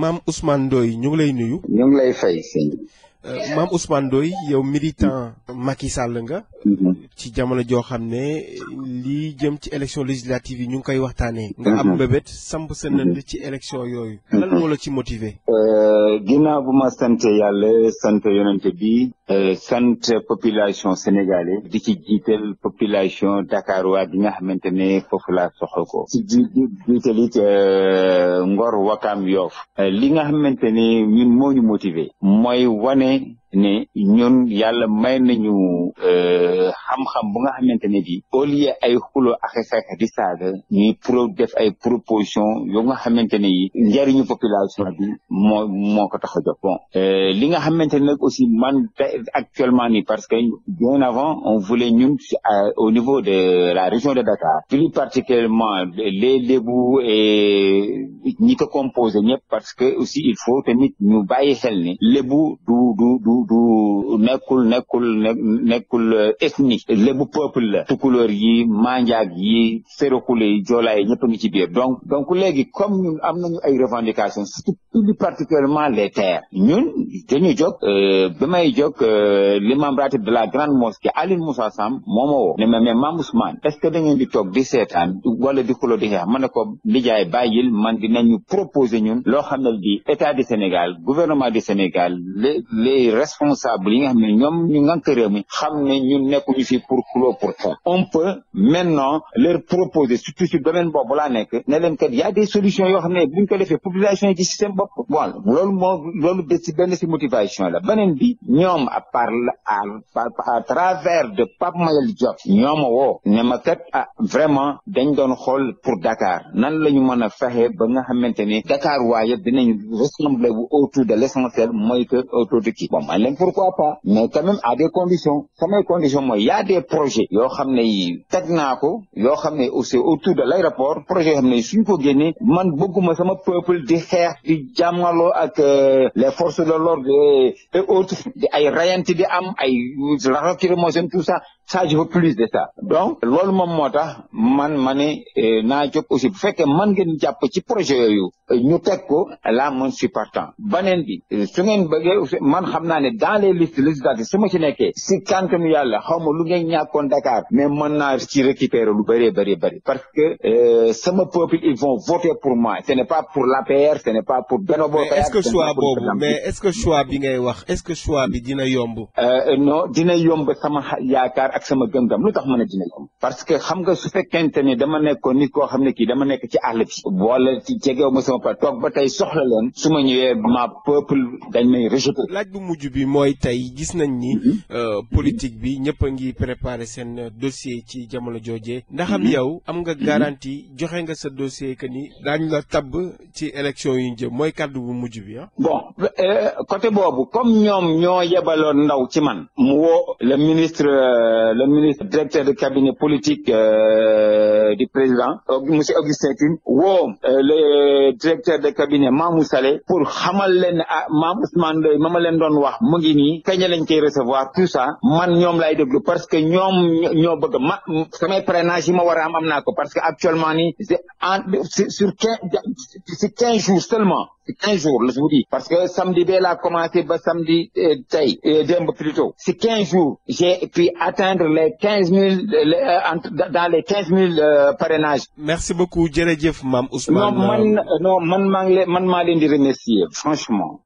maam Ousmane Ndoye ñu ngi lay nuyu. ñu ngi lay fay sëñ euh, maam Ousmane Ndoye yow militant Macky Sall nga. Mm-hmm. ci jamono joo xam ne li jëm ci élection législative yi ñu ngi koy waxtaanee. nga am mhm. mbébét samp sa mhm. ci élection yooyu. Mhm. lan moo la ci motiver. Euh, ginnaaw bu ma sant yàlla sant yonente bi. Euh, sant population sénégalaise. di ci jiital population Dakar waa bi nga xamante ne foofu soxla ko. ci ji jiital euh, Ngor Wakaam Yoof. li nga xamante ne ñun moo mooy wane. ne ñun yàlla may nañu euh, xam-xam bu nga xamante ne bi au lieu ay xulo ak xeex di saaga ñuy pro def ay proposition yo nga xamante ne yi njariñu population bi moo moo ko tax a jóg bon euh, li nga xamante ne nag aussi man actuellement nii parce que bien avant on voulait ñun au niveau de la région de Dakar plus particulièrement les Lébou et ñi ko composé ñëpp parce que aussi il faut tamit ñu bàyyi xel ne du du du du nekkul nekkul nekkul euh, ethnie lébu peuple la tukulóor yi manjaag yi sérékule yi joolaa yi ñëpp ci biir donc donc léegi comme ñun am nañu ay revendications plus particulièrement les terres ñun dañu jóg euh, bi may jóg euh, de la grande mosquée Aline Moussa Sam moo ma ma mais est-ce que da ngeen di toog di seetaan wala di xuloo di xeex ma ne ko lijaay bàyyil man dinañu proposer ñun loo xam ne di état du Sénégal gouvernement du Sénégal les les responsables yi nga xam ne ñoom ñu ngànk réew mi xam ne ñun nekkuñu fi pour xuloo pour xeex on peut maintenant leur proposer surtout si domaine boobu nekk ne leen kat a des solutions yoo xam donc bon loolu moo loolu ci benn si motivation la beneen bi ñoom à part à travers de Pape Mayel Diop ñoom a woo ne ma kat ah vraiment dañ doon xool pour Dakar nan lañu ñu mën a fexe ba nga xamante ne Dakar waaye yëpp dinañ rassembler bu autour de l'essentiel mooy que autour de kii bon man leen pourquoi pas mais quand même à des conditions samay conditions mooy y a des yoo xam ne yi teg ko yoo xam ne aussi autour de l'aéroport projet yoo xam ne suñ ko génnee man bëgguma sama peuple di jàmmaloo ak euh, les forces de l'ordre et autres di ay rayante di am ay raxas ki tout ça ça je veux plus de ça donc loolu moom moo tax man ma ne eh, naa jóg aussi bu fekkee mën ngeen jàpp ci projet yooyu ñu teg ko là man suis partant baneen bi su ngeen bëggee man xam naa ne dans les listes législatives su ma ci nekkee si kàntanu yàlla xaw ma lu ngeen ñàkkoon Dakar mais mën naa ci récupérer lu bëree bëri bëri parce que eh, sama peuple ils vont voter pour moi ce n'est pas pour l'APR ce n'est pas pour Benno Bokk Yaakaar est-ce que que choix bi ngay wax est-ce que choix bi dina yomb euh, yomb ak sama gëm-gëm lu tax ma ne dina yomb parce que xam nga su fekkente ni dama nekkoon nit koo xam ne kii dama nekk ci àll bi wala ci jegew ma sama pa toog ba bi mooy tey gis nañ ni mhm. euh, politique bi ñëpp a ngi préparé seen dossier ci jamono joojee mhm. ndax yow am nga garantie joxe nga sa dossier que ni daañu la tabb ci élection yu ñu mooy kàddu bu mujj bi ya ah. bon euh, côté boobu comme ñoom ñoo yebaloon ndaw ci man mu woo le ministre euh, le ministre directeur de cabinet politique euh, du président monsieur Augustin Tine woo euh, le directeur de cabinet Mamou Saleh pour xamal leen ne ah Mame Ousmane Ndoye ma ma leen doon wax mu ngi nii kañ lañ koy recevoir tout ça man ñoom lay déglu parce que ñoom ñoo bëgg ma samay parrainage yi ma war a am am naa ko parce que actuellement ni c'est en sur quinze si jours seulement si quinze jours la je vous dis parce que samedi bee laa commencé ba samedi euh, tey euh, démb plutôt si quinze jours j'ai pu atteindre les quinze mille euh, dans les quinze mille parrainages. merci beaucoup jërëjëf maam Ousmane. non man man maa ngi leen man maa leen di remercier franchement.